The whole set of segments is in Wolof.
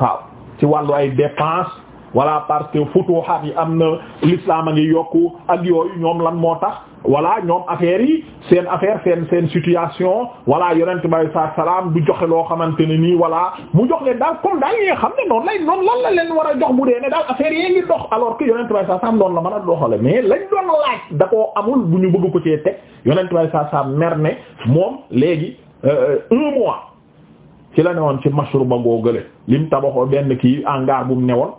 waaw ci wàllu ay dépense voilà parce que futuhaat yi am na l'islam a ngi yokk ak yooyu ñoom lan moo tax voilà ñoom affaire yi seen affaire seen seen situation voilà yonent bi saa salaam du joxe loo xamante ne nii walla mu jox leen daal comme daal ñi xam ne noonu lay noonu lan la leen war a jox bu dee ne daal affaire yee ngi dox alors que yonent bi saa salaam doon la mën a doxale mais lañ doon laaj da amul bu ñu bëgg ko cee teg yonent bi saa salaam mer ne moom léegi euh, euh, un mois. ci la newoon ci mashruba googale lim tabaxoo benn kii hangar bu mu newoon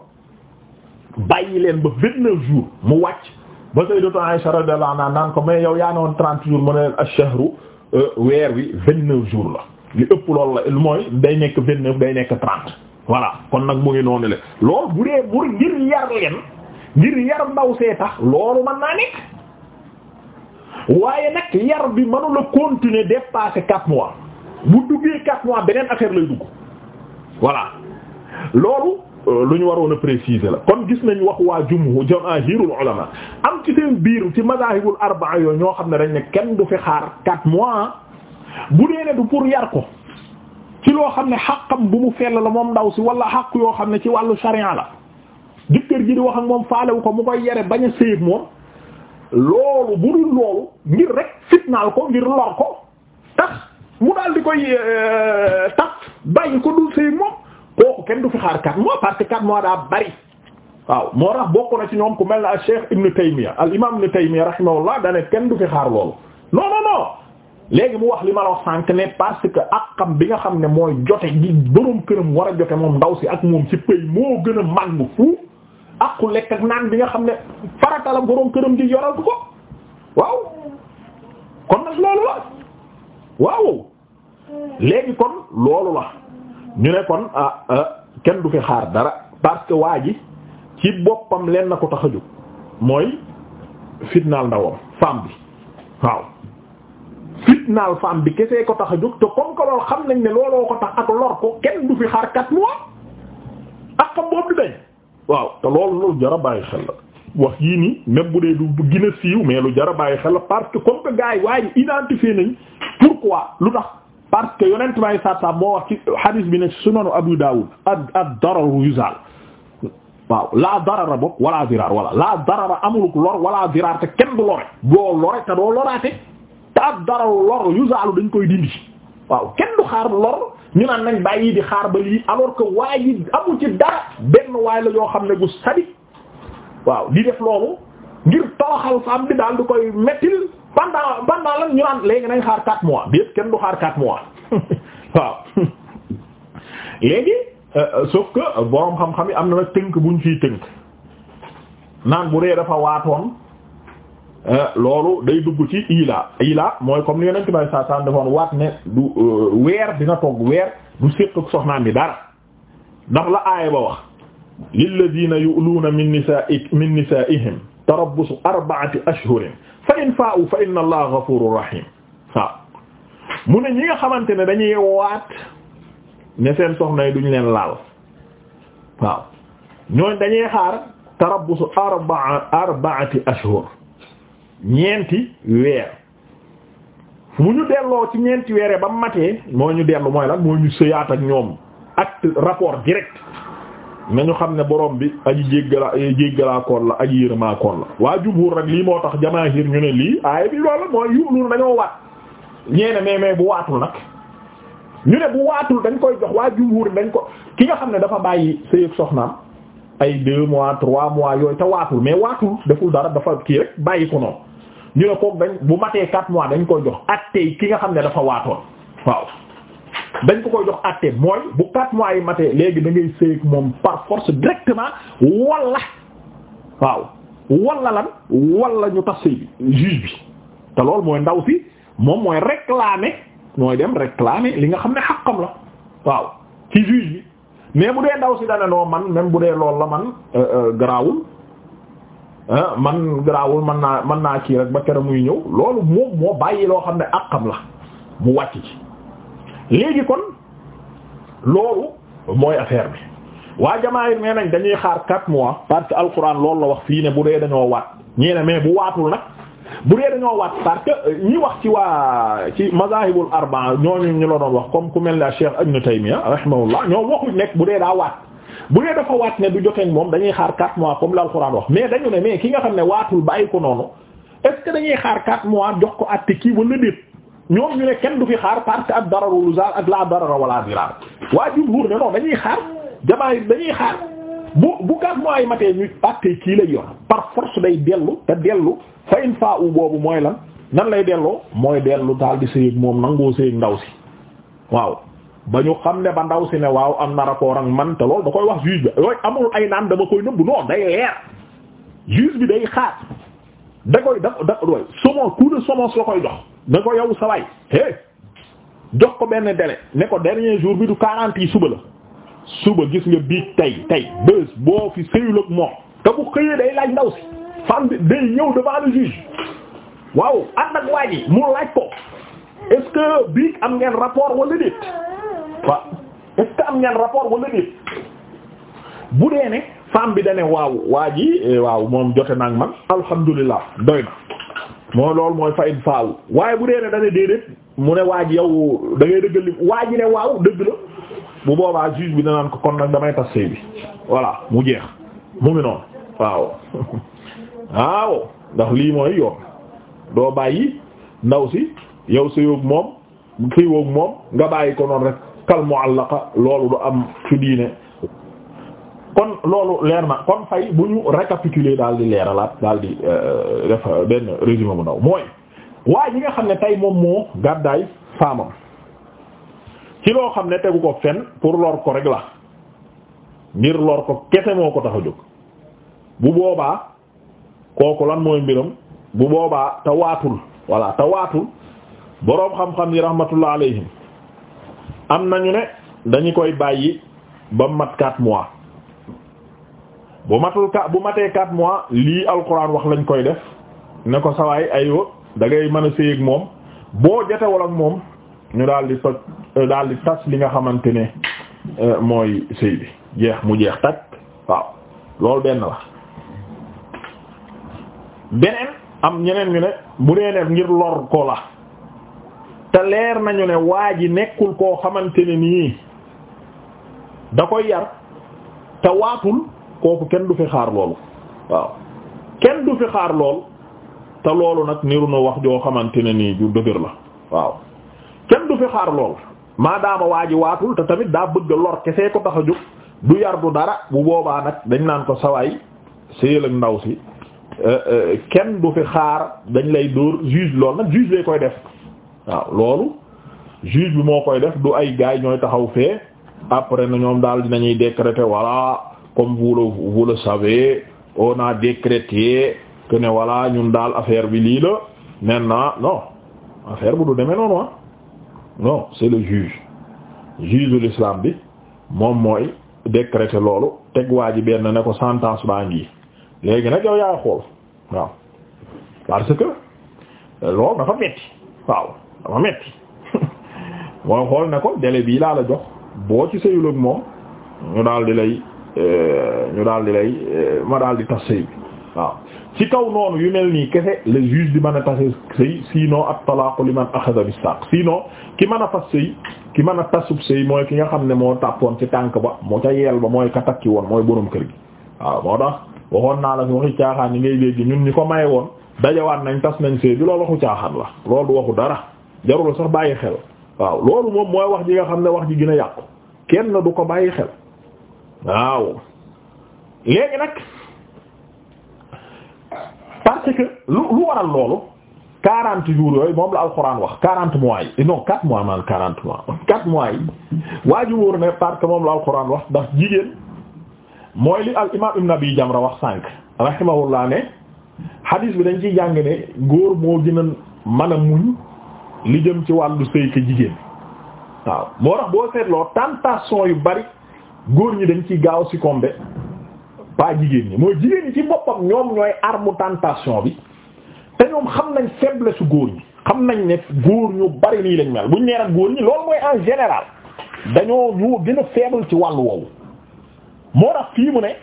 bàyyi leen ba vingt-neuf jours mu wàcc ba sayyidatu Aisha radiyallahu anha naan ko mais yow yaa newoon trente jours mu ne leen ash-shahru euh, weer wi vingt-neuf jours la li ëpp loolu la mooy day nekk vingt-neuf day nekk trente voilà kon nag mu ngi noonu le loolu bu dee bur ngir yar leen ngir yar ndaw see tax loolu mën naa nekk waaye nag yar bi mënula continuer dépasser quatre mois bu duggee quatre mois beneen affaire lay dugg voilà loolu euh, lu ñu waroon a préciser la kon gis nañ wax waa jumhu jamaahirul ulama am ci seen ci madahibul arbaa yooyu ñoo xam ne dañ ne kenn du fi xaar quatre mois ah. bu dee du pour yar ko ci loo xam ne xaqam bu mu fell la moom ndaw si wala xaq yoo xam ne ci wàllu sharia la jëkkër gi di wax ak moom faalewu ko mu koy yare bañ a séyib moom loolu bu dul loolu ngir rek fitnaal ko ngir lor ko tax mu daal di koy euh, taf bàyyi ko dul sëy moom kooku kenn du fi xaar quatre mois parce que quatre mois daa bari waaw moo rax bokku na ci ñoom ku mel ne Cheikh Ibn Taymiyya al imam Ibn Taymiyya rahimahullah da ne kenn du fi xaar loolu non non non léegi mu wax li ma la wax sànq ne parce que ak xam bi nga xam ne mooy jote gi boroom këram war a jote moom ndaw si ak moom ci pëy moo gën a màgg fu ak lekk ak naan bi nga xam ne farata la boroom këram di yoral ko waaw waaw léegi kon loolu la ñu ne kon ah, ah kenn du fi xaar dara parce que waa ji ci boppam leen na ko tax a jóg mooy fitnaal ndawam femme bi waaw fitnaal femme bi kesee ko tax a jóg te comme que loolu xam nañ ne looloo ko tax ak lor ko kenn du fi xaar quatre mois ak xam boobu du dañ waaw te loolu loolu jara bàyyi xel la wax yii nii même bu dee du gën a siiw mais lu jara bàyyi xel la parce que comme que gars yi waaye identifié nañ pourquoi lu tax parce que yonent may saab saab moo wax ci hadith bi ne sunanu Abu Dawud a ad dararu yuzal waaw laa darara bopp wala lor wala diraar te kenn du lore boo lore te doo loraate te ad dararu lor yuzaalu dañ koy dindi waaw kenn du xaar lor ñu naan nañ bàyyi di xaar ba a alors que waay yi ci dara benn waay la yoo xam ne gu sadik waaw di def loolu ngir tooxal faam bi daal du koy mettil pendant pendant lan ñu naan léegi nañ xaar 4 mois bi kenn du xaar 4 mois waaw léegi euh, euh, sauf que borom xam-xam yi am na nag tënk buñ ciy tënk naan bu dee dafa waatoon euh, loolu day dugg ci ila ila mooy comme li yonent bi saa saan defoon waat ne du weer dina toog weer du séq ak soxnaam bi dara ndax la aaya ba wax lilladina yu'luuna min nisa'i min nisa'ihim tarabbusu arba'ati ashhurin fa in faa'u fa inna allaha ghafurur rahim waaw mu ne ñi nga xamante ne dañuy waat ne seen soxna yi duñ leen laal waaw ñooñ dañuy xaar tarabbusu arba'a arba'ati ashhur ñeenti weer mu ñu delloo ci ñeenti weere ba matee moo ñu dellu mooy lan moo ñu sëyaat ak ñoom acte rapport direct nañu xam ne borom bi aji jéggala eh, jéggalaakoon la aji yërëmaakoon la waa jumhur rek lii moo tax jamaahir ñu ne lii aaya bi loolu mooy yu'lun dañoo waat ñeene mais mais bu waatul nag ñu ne bu waatul dañ koy jox waa jumhur dañ ko ki nga xam ne dafa bàyyi sëyëg soxnaam ay deux mois trois mois yooyu te waatul mais waatul deful dara dafa kii rek bàyyi ko noonu ñu ne kook dañ bu matee quatre mois dañ koy jox at tey ki nga xam ne dafa waatoon waaw dañ ko koy jox àtte mooy bu quatre mois yi matee léegi da ngay sëy moom par force directement wala waaw walla lan wala ñu tas sëy bi bi te loolu mooy ndaw si moom mooy réclamer mooy dem réclamer li nga xam ne xaqam la waaw ci juge bi mais bu dee ndaw si dana noo man même bu dee loolu la man euh, euh, garaawul man garaawul man naa man naa kii rek ba kera muy ñëw loolu moom moo bàyyi loo xam ne àqam la mu wàcc ci léegi kon loolu mooy affaire bi waa jamaahir nee nañ dañuy xaar quatre mois parce que alquran loolu la wax fii ne bu dee dañoo waat ñii mais bu waatul nag bu dee dañoo waat parce que euh, ñi wax ci waa ci mazahibul arbaa ñooñu ñu la doon wax comme ku mel ne Cheikh Ibn Taymiyya rahimahullah ñoom waxuñ nekk bu dee daa waat bu dee dafa waat ne du joteeg moom dañuy xaar quatre mois comme l'alquran wax mais dañu ne mais ki nga xam ne waatul bàyyi ko noonu est xaar quatre mois jox ko kii wala ñoom ñu ne kenn du fi xaar parce ak dararu lu zaar ak laa darara wala dirar waa jumhur ne non dañuy xaar jamaa dañuy xaar bu bu quatre mois yi matee ñu àttee kii lay yor par force day dellu te dellu fa in faa u boobu mooy lan nan lay delloo mooy dellu daal di sëyeeg moom nangoo sëyeeg ndaw si waaw ba ñu xam ne ba ndaw si ne waaw am na rapport ak man te loolu da koy wax juge bi yooyu amul ay naan dama koy nëbb non day leer juge bi day xaar da koy da da doy semence coup de semence la koy ne ko yow sa waay eh jox ko benn délai ne ko dernier jour bi du quarante yi suba la suba gis nga biig tey tey bés boo fi sëyul ak moom te bu xëyee day laaj ndaw si femme bi day ñëw devant le juge waaw ànd ak waa mu laaj ko est-ce que biig am ngeen rapport wala déet waaw est-ce que am ngeen rapport wala déet bu dee ne. femme bi dane waaw waa ji eh, waaw moom jote naag man alhamdulilah doy na moo loolu mooy fayin faaw waaye bu dee ne dane déedéet mu ne waa ji yow da li waa ji ne dëgg la bu boobaa juge bi danaan ko kon nag damay tas sëy bi voilà mu jeex mu ngi noonu waaw waaw ndax lii mooy yoon doo bàyyi ndaw si yow sëyoog moom sëyoog moom nga bàyyi ko rek kal mu'allaqa loolu du am ci diine kon loolu leer na kon fay bu ñu récapituler daal di leeralaat daal di euh, def euh, benn résumé bu ndaw mooy waaye yi nga xam ne tey moom moo gàddaay faamam ci loo xam ne tegu ko fen pour lor ko rek la ngir lor ko kese moo ko tax a jóg bu boobaa kooku lan mooy mbiram bu boobaa te waatul voilà te boroom xam-xam yi rahmatullah alayhim am nañu ne dañu koy bàyyi ba mat 4 mois bu matul ka bu matee quatre mois lii alquran wax lañ koy def ne ko sawaay aywa da ngay mën a séy ak moom boo jotewul ak moom ñu daal toj euh, daal tas li nga xamante ne euh, mooy séy bi jeex mu jeex takk waaw loolu benn la beneen am ñeneen ñu ne bu dee ne ngir lor ko la te leer nañu ne waa ji nekkul koo xamante ne nii da koy yar te waatul kooku kenn du fi xaar loolu waaw kenn du fi xaar lool te loolu nag niru na wax joo xamante ne nii ju dëgër la waaw kenn du fi xaar lool maadaama waa ji waatul te tamit daa bëgg lor kesee ko tax a jóg du yar du dara bu boobaa nag dañ naan ko sawaay séyal ak ndaw si euh, euh, kenn du fi xaar dañ lay dóor juge loolu nag juge lay koy def waaw loolu juge bi moo koy def du ay gaay ñooy taxaw fee après na ñoom daal dinañuy décréter voilà comme vous le vous le décrété que ne voilà ñun daal affaire bi lii la maintenant non affaire bu du demee noonu ah non c'est le juge juge de l'islam bi moom mooy décréter loolu teg waa ji benn ne ko sentence baa ngi léegi nag yow yaa xool waaw parce que euh, loolu dafa metti waaw dafa metti mooy xool ne ko délai bii laa la jox boo ci sëyul ak moom ñu daal di lay. Euh, ñu daal di lay euh, ma daal di tas sëy waaw ci kaw noonu yu mel nii kese le juge di mën a tase sëy sinon at talaaqu li man axada bi saq sinon ki mën a tas sëy ki mën a tasub sëy mooy ki nga xam ne moo tàppoon ci tànk ba moo ca yeel ba mooy ka takki woon mooy borom kër gi waaw moo tax waxoon naa la fi waxi caaxaan yi ngay léegi ñun ñi ko maye woon dajawaat nañ tas nañ sëy bi loolu waxu caaxaan la loolu du waxu dara jarul sax bàyyi xel waaw loolu moom mooy wax ji nga xam ne wax ji gën a yàqu kenn du ko bàyyi xel waaw léegi nag parce que lu lu waral loolu quarante jours yooyu moom la alxuraan wax quarante mois yi non quatre mois man quarante mois quatre mois yi waa ji ne parce que moom la alxuraan wax ndax jigéen mooy li al imaam ibn abi jamra wax sànq rahimahullah ne hadis bi dañ ciy jàng ne góor moo gën a a muñ li jëm ci wàllu sëy ka jigéen waaw moo tax boo seetloo tentation yu bari góor ñi dañ ci gaaw succomber pas jigéen ñi mooy jigéen ñi ci boppam ñoom ñooy arme tentation bi te ñoom xam nañ faiblesse su góor ñi xam nañ ne góor ñu bari nii lañ mel buñ nee nag góor ñi loolu général dañoo gën a faible ci wàllu woowu moo tax fii mu ne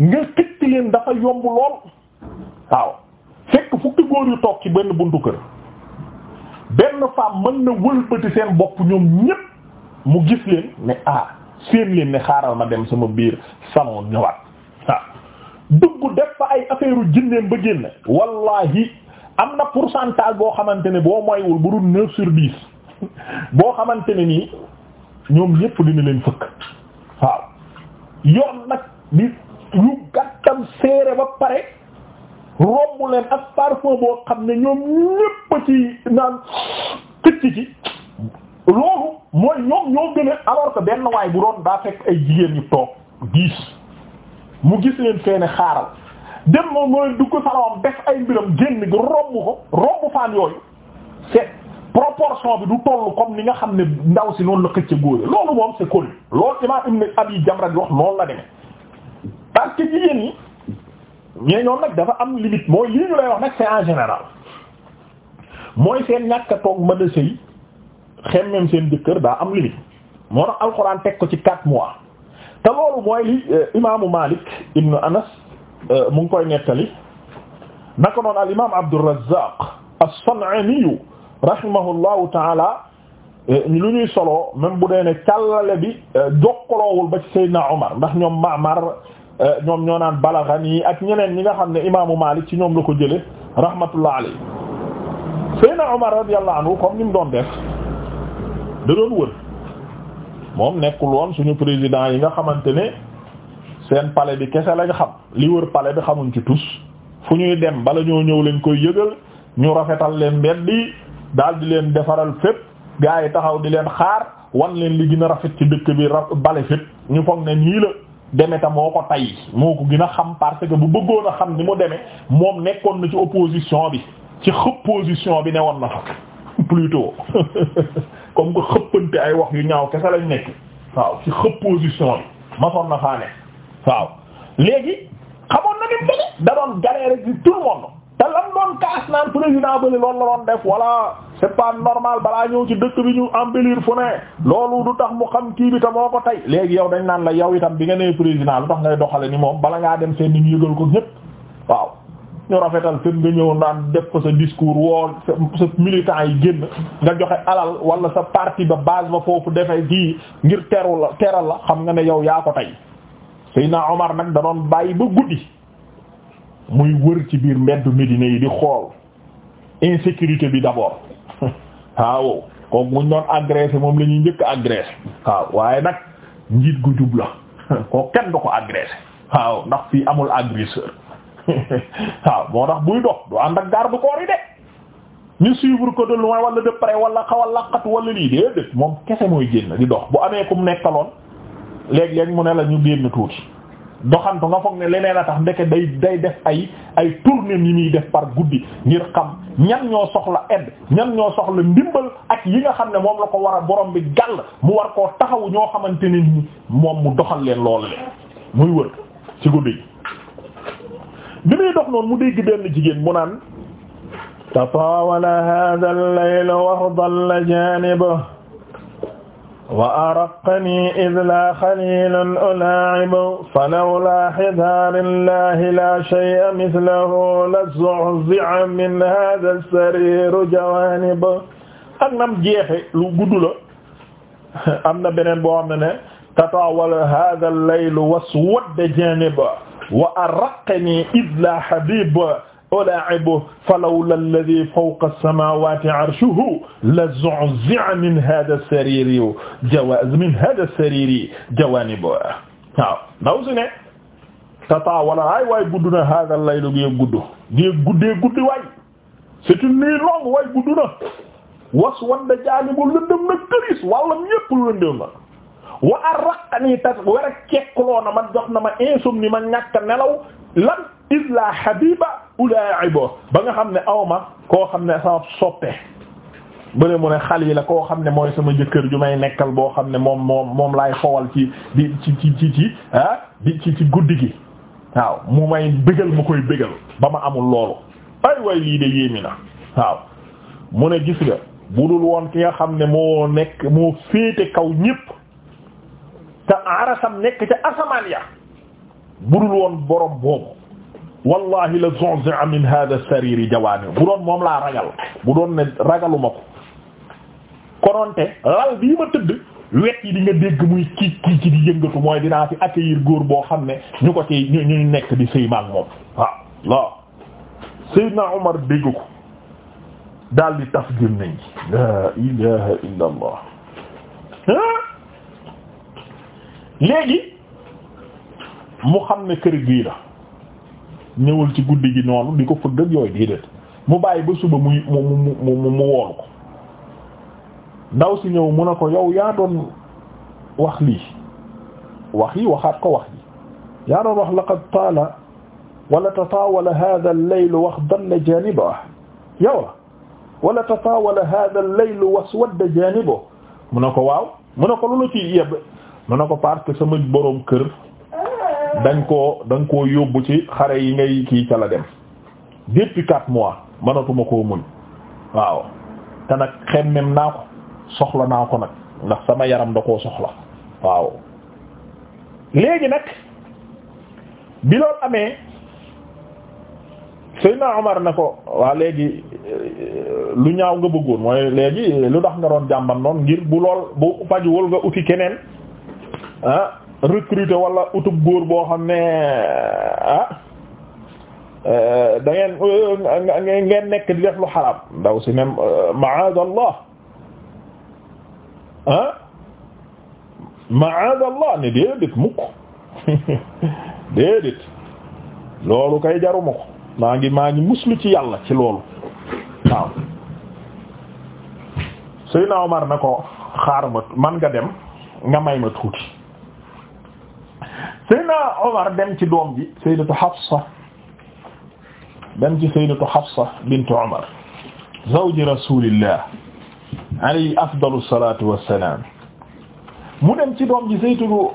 nga xëcc leen dafa yomb lool waaw fekk fukki góor yu toog ci benn buntu kër benn femme mën na wëlbati seen bopp ñoom ñépp mu gis leen ne ah seen leen ne xaaral ma dem sama biir salon ñëwaat waaw dugg def fa ay affaire jinneem ba génne wallahi am na pourcentage boo xamante ne boo moywul bu dul neuf sur dix boo xamante ne nii ñoom ñépp dina leen fëkk waaw yoon nag bi yu gàttam seere ba pare romb leen ak parfum boo xam ne ñoom ñépp ci naan këcc ci loolu mooy ñoom ñoo gën a alors que benn waay bu doon daa fekk ay jigéen ñu toog diis mu gis leen feene xaaral dem moom mooy dugg salawam def ay mbiram génn gi romb ko romb faan yooyu c'est proportion bi du toll comme ni nga xam ne ndaw si noonu la xëcc góor loolu moom c'est connu loolu imam ibn abi jamra di wax loolu la demee parce que jigéen ñi ñee ñoom nag dafa am limite mooy lii ñu lay wax nag c'est en général mooy seen ñàkk a toog mën a sëy xemmem seen jëkkër daa am limite moo ko ci quatre mois te loolu mooy li euh, imaamu Malik ibnu Anas euh, mu ngi koy nettali naka noonu al imaam Abdurrazzaq as-San'ani rahimahullahu taala euh, lu ñuy soloo même bu dee bi jokkaloowul ba ci Seydina Omar ndax ñoom Ma'mar ñoom ñoo naan balaghani ak ñeneen ñi nga xam ne imaamu Malik ci ñoom la ko jële rahmatullah alayhi Seydina Omar radiyallahu anhu ni mu doon da doon wër moom nekkul woon suñu président yi nga xamante ne seen palais bi kese lañu xam li wër pale bi xamuñ ci tus fu ñuy dem bala ñoo ñëw leen koy yëgal ñu rafetal leen mbedd yi daal di leen defaral fépp gaa yi taxaw di leen xaar wan leen li gën rafet ci dëkk bi ra bale fépp ñu foog ne nii la demeta moo ko tay moo ko gën xam parce que bu bëggoon a xam ni mu demee moom nekkoon na ci opposition bi ci opposition bi ne woon na fa plutôt comme que xëppante ay wax yu ñaaw kese lañ nekk waaw ci xëpp position yi masoon na faa ne waaw léegi xamoon na ni mu da doon galee rek ci tout le monde te lam doon kaas naan président bali loolu la doon def voilà c'est pas normal balaa ñëw ci dëkk bi ñu embellir fu ne loolu du tax mu xam kii bi tam moo ko tey léegi yow dañ naan la yow tam bi nga nee président lu tax ngay doxale ni moom bala ngaa dem seen ni ñu yëgal ko ñépp waaw ñu rafetal fën nga ñëw naan def ko sa discours woo sa sa yi génn nga joxe alal wala sa parti ba base ba foofu defee di ngir teru la teral la xam nga ne yow yaa ko tey naa Omar nag da doon bàyyi ba guddi muy wër ci biir mbeddu Médina yi di xool insécurité bi d'abord waaw kooku muñ doon agressé moom la njëkk agressé waaw waaye nag njiit gu jub la koo kenn du ko agressé waaw ndax fii amul agresseur waaw moo tax buy dox du ànd ak garde corps yi de ñu suivre ko de loin wala de près wala xaw a laqatu wala lii déedéet moom kese mooy génn di dox bu amee ku mu nekkaloon léeg-léeg mu ne la ñu génn tuuti doxantu nga foog ne leneen a tax ndeke day day def ay ay tournée yi muy def par guddi ngir xam ñan ñoo soxla aide ñan ñoo soxla ndimbal ak yi nga xam ne moom la ko war a borom bi gàll mu war koo taxawu ñoo xamante ne ni moom mu doxal leen loolu le muy wër ci guddi bi muy dox noonu mu dégg benn jigéen mu naan tataawala hadha al-layl wa dhalla janibuhu wa araqani id la xalilun ulaa'ibu falawla hidaarillahi la shay'a mithlahu la zuhzi'a min hadha as-sarir jawanibuhu ak nam jeexe lu gudd la am na beneen boo xam ne ne tataawala hadha al-layl waswadda janibuhu wa arraqani id la habib olaaibu falawla alladi fawqa alsamawati arshuhu la zozia min hada sariri jawa min hada sariri jawanibo waaw ndaw si ne tata wala ay waay gudd na hada laylu gi gudd gi guddee guddi waay c'est une nuit longue waay gudd na was wan da jaani bu lëndëm na këris wàllam ñépp lëndëm na wa arraqani tas war a cekkloo na ma jox na ma insomnie ma ñàkk nelaw lan illa habiba ulaibo ba nga xam ne awma koo xam ne sama soppe bële mu ne xalila koo xam ne mooy sama jëkkër ju may nekkal boo xam ne moom moom moom laay xowal ci di ci ci ci ci di ci ci guddi gi waaw mu may bégal mu koy bégal ba ma amul loolu ay way lii de yéemi na waaw mu ne gis nga budul woon ki nga xam ne moo nekk moo féete kaw ñépp te arasam nekk ca asamaan ya budul woon borom boobu wallahi la zonzia min hada sariri jawaani bu doon moom laa ragal bu doon ne ragaluma ko kononte lal ma tëdd wet yi di dégg muy kii kii ci di yëngatu mooy dinaa fi accueillir góor boo xam ne ñu ko ci ñu nekk di sëy maak moom waaw laa Seydina Omar dégg ko daal di taf gém nañ la ilaha illa allah léegi mu xam ne kër gii la ñëwul ci guddi gi noonu di ko fëgg yooyu déedéet mu bàyyi ba suba muy mu mu mu mu woolu ko ndaw si ñëw mu na ko yow yaa doon wax lii wax yi waxaat ko wax yi yaa doon wax laqad taala wala tataawala hada al wax dalla janibahu yow la wala tataawala hada al-layl waswadda janibahu mu ne ko waaw mu ne ko lu la ci yebbe mu ne ko parce que sama boroom kër dañ koo dañ koo yóbbu ci xare yi ngay kii ca la dem depuis quatre mois mënatuma koo muñ waaw te nag xemmem naa ko soxla naa ko nag ndax sama yaram da koo soxla waaw léegi nag bi loolu amee Seydina Omar na ko waa léegi lu ñaaw nga bëggoon mooy léegi lu tax nga doon jàmban ngir bu lool bu fajuwul nga uti keneen ah recruter wala utub góor boo xam ne ah eh, da eh, ngeen nekk di def lu xaraam ndaw si ne maadallah ah maadallah ne déedéet mukk déedéet loolu kay jaruma ko maa ngi maa ngi muslu ci yàlla ci loolu waaw Seydina Omar na ko xaar ma man nga dem nga may ma tuuti Seydina Omar dem ci doom bi Sayyidatu Hafsa dem ci Sayyidatu Hafsa bint Omar zawji Rasulillah alayhi afdalu salatu wassalam mu dem ci doom ji Sayyidatu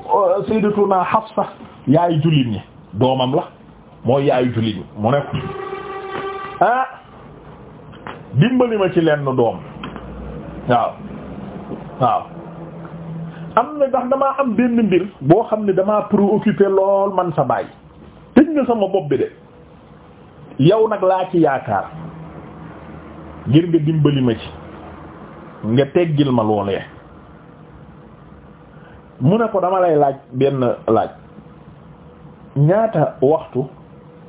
Sayyidatuna Hafsa yaay jullit ñi doomam la mooy yaayu jullit ñi mu ne ko ah dimbali ma ci lenn doom waaw waaw am na ndax damaa am benn mbir boo xam ne damaa préoccupé lool man sa baay tëj nga sama bopp bi de yow nag laa ci yaakaar ngir nga dimbali ma ci nga teggil ma loolee mu ne ko dama lay laaj benn laaj ñaata waxtu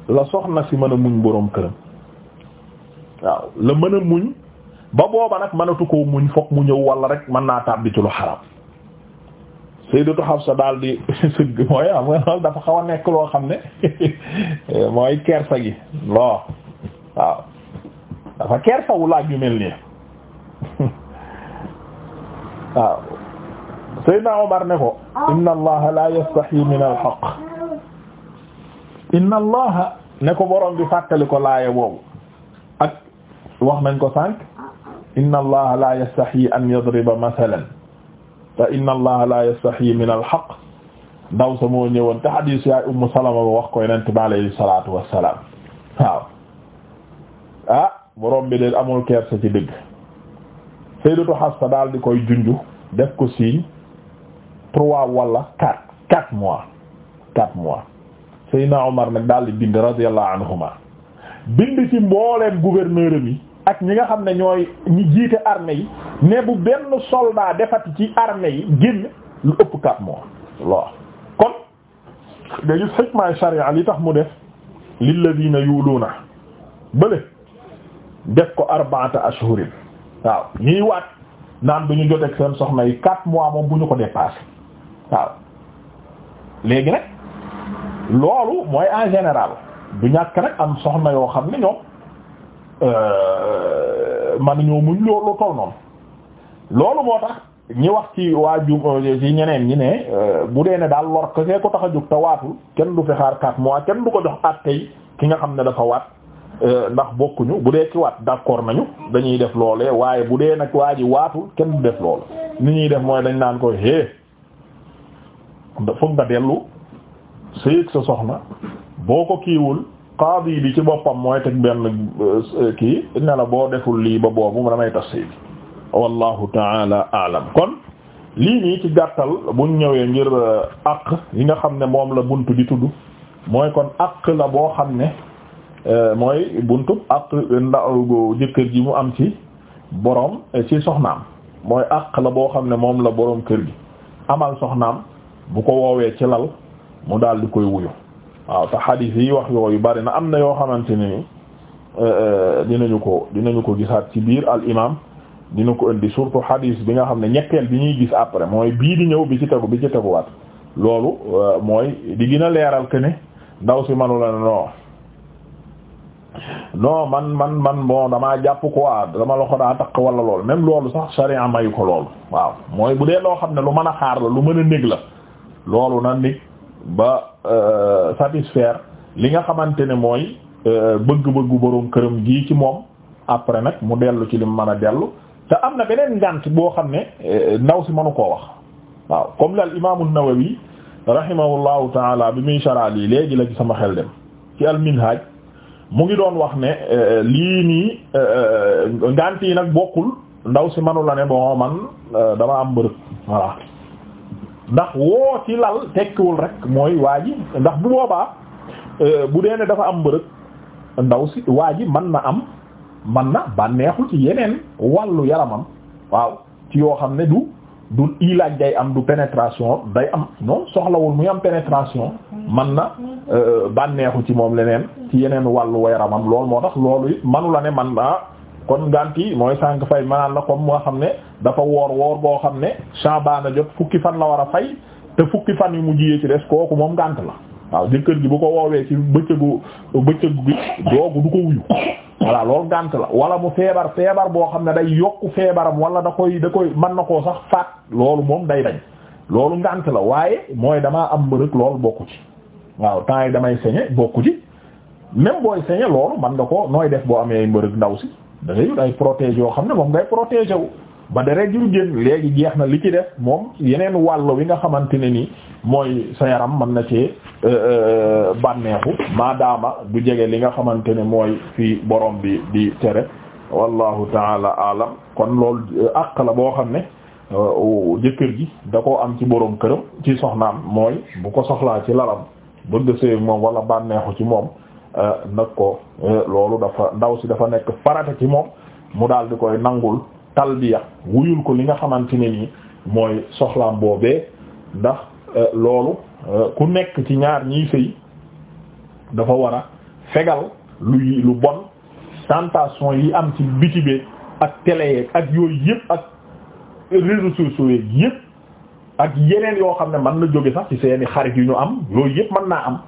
la soxna si mën a muñ boroom këram waaw la mën a muñ ba booba nag mënatu koo muñ fokk mu ñëw walla rek mën naa tàbbi ci Sayyidatu Hafsa daal di sëgg mooy am nga loolu dafa xaw a nekk loo xam ne mooy kersa gi loo waaw dafa kersawu laaj yu mel nii waaw Sayyidna Umar ne ko inna allaha la yastahi min al haqq inna allaha ne ko borom bi fàttali ko laaya boobu ak wax nañ ko sànq inna allaha la yastahi an yadriba mathalan te inna allaha la yastahi min alhaq ndaw sa moo ñëwoon te hadis yaay ummu salama ba wax ko yonent bi salaatu salatu waaw ah borom bi de amul kersa ci dëgg sayyidatu Hafsa daal di koy junju def ko signe trois wala quatre quatre mois quatre mois sayyidina Umar nag daal di bind radiyallahu anhuma bind ci mbooleem gouverneur bi ak ñi nga xam ne ñooy ñi jiite armée yi ne bu benn soldat defati ci armée yi génn lu ëpp kat moom waaw kon nga gis xikmaay sharia li tax mu def lilladina yuluuna bële def ko arba'ata ashhurin waaw ñiy waat naan bu ñu joteeg seen soxna yi quatre mois moom bu ñu ko dépassé waaw léegi nag loolu mooy en général du ñàkk nag am soxna yoo xam ne ñoom Euh, man ñoo muñ loolu toll noonu loolu moo tax ñi wax ci waa ju euh, ci ñeneen ñi ne euh, bu dee ne daal lor kese ko tax a jóg te waatul kenn du fi xaar 4 mois kenn du ko jox at tey ki nga xam ne dafa waat ndax bokkuñu bu dee ci waat d'accord nañu dañuy def loolee waaye bu dee nag waa ji waatul kenn du def loolu ni ñuy def mooy dañ naan ko hé foog nga dellu sëyëg sa soxna boo ko kiiwul qaadi bi ci boppam mooy teg benn euh, kii ne boo deful lii ba boobu damay tas sëy bi wallahu taala aalam kon lii nii ci gàttal buñ ñëwee ngir euh, àq yi nga xam ne moom la bunt di tudd mooy kon àq la boo xam ne euh, mooy buntu àq ndaw jëkkër ji mu am ci boroom ci soxnaam mooy àq la boo xam ne moom la boroom kër gi amal soxnaam bu ko woowee ci lal mu daal di koy wuyu waaw te xadiis yi wax yooyu bari na am na yoo xamante ne ni euh, euh, dinañu ko dinañu ko gisaat ci biir al imam dina ko indi surtout xadiis bi nga xam ne ñetteel bi ñuy gis après mooy bii di ñëw bi ci tegu bi ci teguwaat loolu euh, mooy di gën a leeral que ne ndaw si manu la non non man man man bon damaa jàpp quoi ah, dama loxo daa takk wala lool même loolu sax sharia mayu ko loolu waaw mooy bu dee loo xam ne lu mën a xaar la lu mën a nég la loolu na nég ba Euh, satisfaire li nga xamante ne mooy euh, bëgg-bëggu boroom këram gii ci moom après nag mu dellu ci li mu mën a dellu te am na beneen ngànt boo xam ne euh, ndaw si mënu koo wax waaw comme lal imaam an-Nawawi rahimahullahu taala bi muy saraal yi léegi la ci sama xel dem ci al-Minhaj mu ngi doon wax ne lii nii ngànt yi nag bokkul ndaw si manu la ne bon man dama am bërëb voilà ndax woo ci lal tekkiwul rek mooy waa ji ndax bu boobaa euh, bu dee ne dafa am mbërëg ndaw si waa ji man na am man na bànneexu ci yeneen wàllu yaramam waaw ci yoo xam ne du du ilaaj day am du pénétration day am non soxlawul muy am pénétration mën na euh, bànneexu ci moom leneen ci yeneen wàllu yaramam loolu moo tax loolu it manu la ne man naa kon nganti mooy sànq fay manaan la comme moo xam ne dafa woor woor boo xam ne Shaabaan a jot fukki fan la war a fay te fukki fan yu mu jiyee ci des kooku moom ngànt la waaw jëkkër ji bu ko woowee ci bëccëgu bëccëg bi doogu du ko wuyu voilà loolu ngànt la wala mu feebar feebar boo xam ne day yokk feebaram wala da koy da koy mën na koo sax faat loolu moom day dañ loolu ngànt la waaye mooy damaa am mbërëg loolu bokku ci waaw temps yi damay sañe bokku ci même booy sañe mën nga ko nooy def boo amee mbërëg ndaw si da ngay ay protège yoo xam ne moom ngay protégé wu ba deret ji du génn léegi jeex na li ci def moom yeneen wàll wi nga xamante ne ni mooy sa yaram mën na cee euh, euh, bànneexu maadaama du jege li nga xamante ne mooy fi borom bi di tere wallahu taala alam kon loolu euh, àq la boo xam ne jëkkër ji da ko am ci borom këram ci soxnaam mooy bu ko soxlaa ci lalam bëgg sëy moom wala bànneexu ci moom Euh, nag ko euh, loolu dafa ndaw si dafa nekk farata ci moom mu daal di koy nangul talbiya wuyul ko li nga xamante ne nii mooy soxlaam boobee ndax euh, loolu ku nekk ci ñaar ñiy sëy dafa war a fegal lu lu bon tentation yi am ci biti ak télé yeeg ak yooyu yëpp ak réseaux sociaux yeeg ak yeneen yoo xam ne mën na jóge sax ci seeni xarit yu ñu am yooyu yëpp mën naa am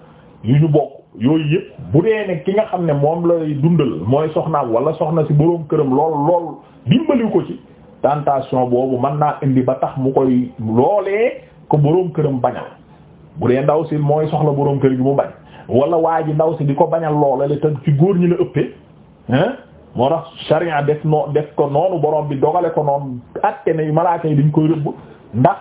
yu ñu bokk yooyu yëpp bu dee ne ki nga xam ne moom lay dundal mooy soxnaam wala soxna si boroom këram lool lool dimbaliw ko ci tentation boobu man naa indi ba tax mu koy loolee ko boroom këram bañal bu dee ndaw si mooy soxla boroom kër gi mu bañ wala waa ji ndaw si di ko bañal loolale te ci góor ñi la ëppee hein moo tax sharia def noo def ko noonu borom bi dogale ko noonu atte ne malaaka yi dañ koy rëbb ndax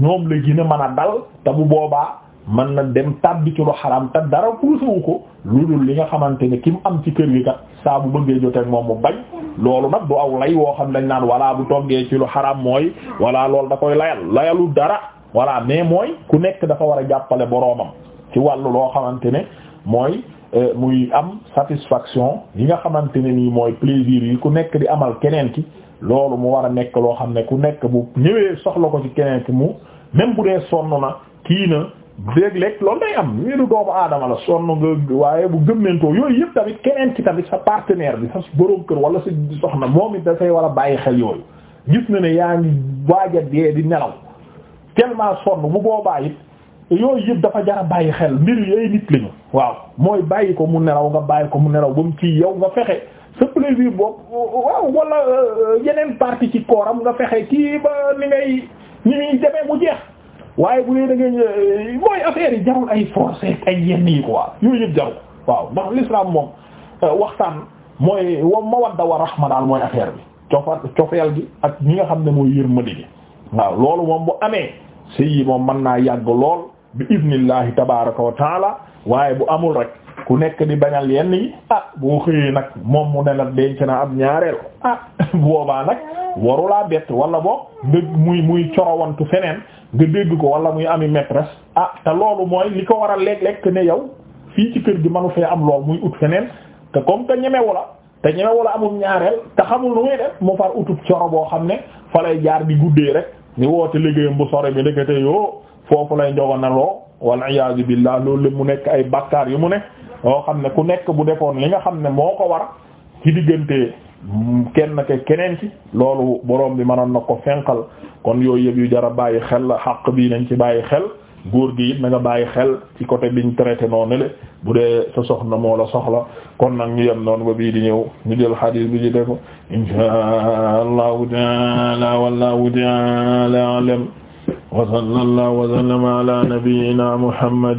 ñoom la gën a mën a dal te bu boobaa man na dem tàbbi ci lu xaram te dara puusawu ko lu dul li nga xamante ne ki mu am ci kër gi kat saa bu bëggee joteeg moom mu bañ loolu nag du aw lay woo xam dañ naan walla bu toggee ci lu xaram mooy walla loolu da koy layal layalu dara walla mais mooy ku nekk dafa war a jàppale boroomam ci wàllu loo xamante ne mooy euh, muy am satisfaction yi nga xamante ne nii mooy plaisir yi ku nekk di amal keneen ki loolu mu war a nekk loo xam ne ku nekk bu ñëwee soxla ko ci mu même bu dee sonn na kii léeg-léeg loolu day am wéeru doomu aadama la sonn nga waaye bu gëmmentoo yooyu yëpp tamit keneen ci tamit sa partenaire bi sa borom kër wala sa soxna moom it dafay war a bàyyi xel yooyu gis na ne yaa ngi waaj a dee di nelaw tellement sonn bu boo bàyyi yooyu yëpp dafa jar a bàyyi xel mbir yooyu nit lañu waaw mooy bàyyi ko mu nelaw nga bàyyi ko mu nelaw ba mu ci yow nga fexe sa plaisir boobu waaw wala euh, yeneen partie ci kooram nga fexe kii ba ni ngay ni muy demee mu waaye bu dee da eh, mooy affaire yi jarul ay forcer ay yenn yi quoi yooyu yëpp jarul waaw ndax l'islam moom eh, waxtaan mooy wa mawadda wa rahma daal mooy affaire bi cofeel gi ak ñi nga xam ne mooy yërmande gi waaw loolu moom bu amee si yi moom mën naa yàgg lool bi idnillahi tabaraka wa taala waaye bu amul rek ku nekk di bañal yenn yi ah boo xëyee nag moom mu ne la denc na am ñaareel ah boobaa nag warulaa bett wala boo muy muy corowantu feneen nga dégg ko wala muy ami maîtresse ah te loolu mooy li ko waral a léeg-léeg ne yow fii ci kër gi manu fee am lool muy ut feneen te comme que ñemewu la te ñemewu la amul ñaareel te xamul nu muy def mu far utub coro boo xam ne fa lay jaar di guddee rek woo woote liggéeyam bu sore bi ndekete yoo foofu lay njogoon na loo wal iyaazu billah loolu mu nekk ay bakkaar yu mu ne yoo xam ne ku nekk bu defoon li nga xam ne moo ko war ci diggante kenn ke keneen loolu borom bi mënoon na ko fenqal kon yooyu yëpp yu jara bàyyi xel la xaq bii nañ ci bàyyi xel góor gi it na nga bàyyi xel ci côté biñ traité noonu bu dee sa soxna moo soxla kon nag ñu yem noonu ba bii di ñëw ñu jël xadiis bi ci def inshaa allahu taala wallahu taala alam wa sallallahu wa sallama ala nabiyyina muhammad